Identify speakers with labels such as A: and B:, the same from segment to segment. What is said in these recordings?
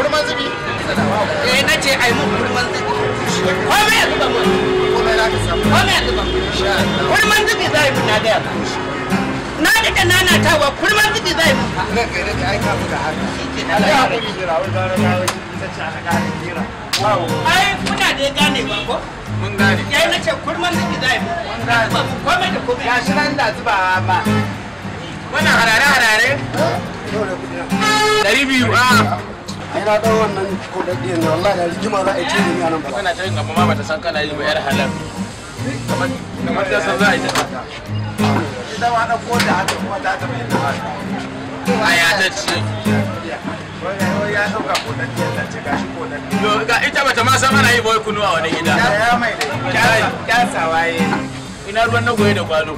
A: kurman zubi eh, mun kurman zubi ko me ya zuba mun ko me za ka samu ko ya zuba mun kurman zubi za yi mun na gaya nana tawa kurman zubi za yi mun fa kai ai ka haka ya hakuri jira gara na wai ta ce ana gane jira ai kuna da gane ba ko mun gane na ce kurman zubi za yi mun mun gane ba da nan da zuba ba wannan harare harare Dari biyu a ah. ai na dau wannan kuɗaɗe ne wallahi da rigima za a yi tini ne a nan ba kana ta yin abu ma bata san kana yi yar halal kamar san za a yi ta haka ma da haka kuma ta ta mai da haka ya ta ce ya ɗauka ta ce ga ita bata ma san yi ba kunu a wani gida ya mai da ya ina ruwan na goye da kwano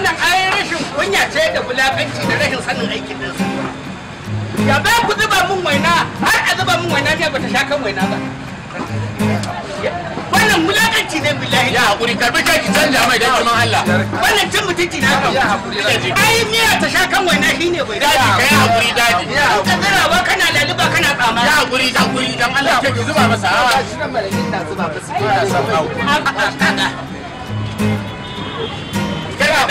A: wannan ayin rashin kunya ce da bulaƙanci da rashin sanin aikin da su ya ba ku zuba mun waina har a zuba mun waina ne ba ta sha kan waina ba wannan bulaganci ne billahi ya hakuri karbi kai ki canja mai dan kuma Allah wannan cin mutunci na kan ai miya ta sha kan waina shine bai daji kai hakuri daji ka zira ba kana laluba kana tsama ya hakuri ta hakuri dan Allah ke ki zuba masa shi nan malakin da zuba masa ba sa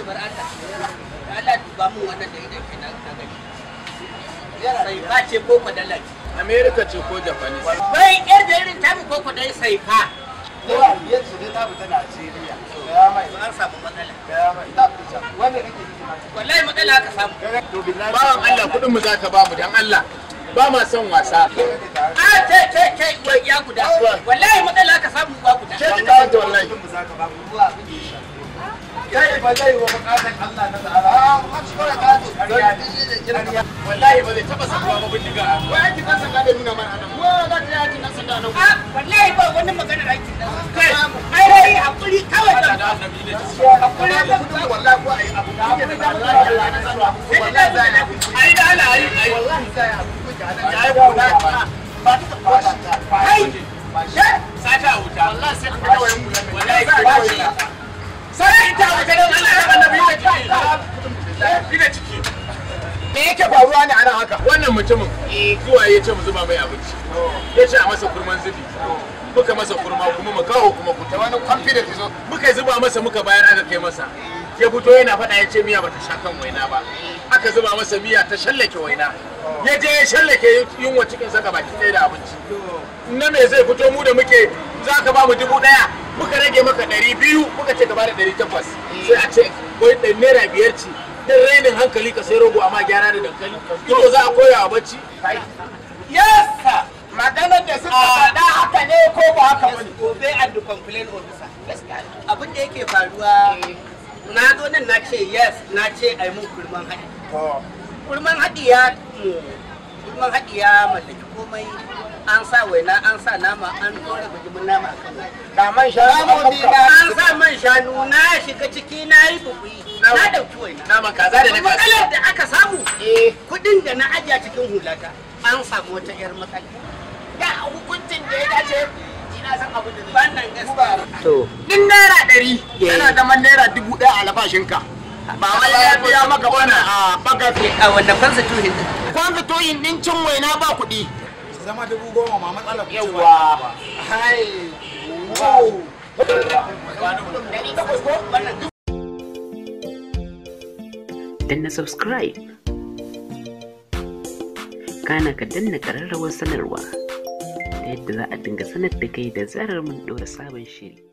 A: ce bar Allah Allah duba mu wannan da na gani sai ce ko kwadalla ce America ce ko Japanese bai yar da irin tamu ko kwadai sai fa yawa biyar tamu ta mai an samu matsala mai ta fita wanda kake wallahi matsala aka samu bawan Allah kudin mu zaka ba mu dan Allah ba ma son wasa. A ce ce ce ya guda. Wallahi matsala aka samu ba guda. Ce ta wallahi.
B: kai ba zai
A: wa bukatar Allah na tsara har shi ba ka kariya da kariya wallahi ba zai taba sakuwa ba bindiga wai aikin dan sanda da nuna mana nan wa za ka yi aikin sanda nan wallahi ba wannan magana da aikin kai ai dai hakuri kawai da hakuri da kuma wallahi ko ai abu da abu da Allah na tsara wallahi da ai da Allah ai ai wallahi sai abu da ai wallahi ba ta ba ta kai sata wuta wallahi sai ka dawo wallahi ba shi
B: sai ita a ganin Allah ya annabi ne kai
A: ina ciki me yake faruwa ne anan haka wannan mutumin zuwa ya ce mu zuba mai abinci ya ce a masa kurman zubi muka masa kurma kuma mu kawo kuma kuta wani confident zo muka zuba masa muka bayar aka kai masa ya fito yana faɗa ya ce miya bata sha kan waina ba aka zuba masa miya ta shallake waina ya je ya shallake yunwa cikin saka baki ɗaya da abinci na me zai fito mu da muke za ka ba mu dubu ɗaya muka rage maka ɗari biyu muka ce gaba da ɗari takwas sai a ce wai ɗari naira biyar ci. dan rainin hankali ka sai rogo amma gyara da dankali ido za a koya a bacci yasa maganar da suka ah. faɗa haka ne ko ba haka ba ne obey and complain officer abin da yake faruwa eh. na zo nan na ce yes na ce a yi mun kurman haɗi kurman oh. haɗi ya kurman mm, haɗi ya mallaki komai an sa waina an sa nama an dora bijimin nama a kan da man shanu an sa man shanu na shiga ciki na yi bubuyi na dauki waina naman kaza da ne kaza da aka samu eh. kudin da na ajiya cikin hulata an samu wata yar matsala da hukuncin da ya dace Din naira ɗari yana eh. zaman naira dubu ɗaya a albashinka. Ba wai ya biya maka wani a bagar. Eh, a wanda fansa tuhin din. Fansa tuhin din cin waina ba kuɗi. zama dubu goma ma matsalar ku ce hai wow danna subscribe kana ka danna kararrawar sanarwa ta yadda za a dinga sanar da kai da zarar mun ɗora sabon shiri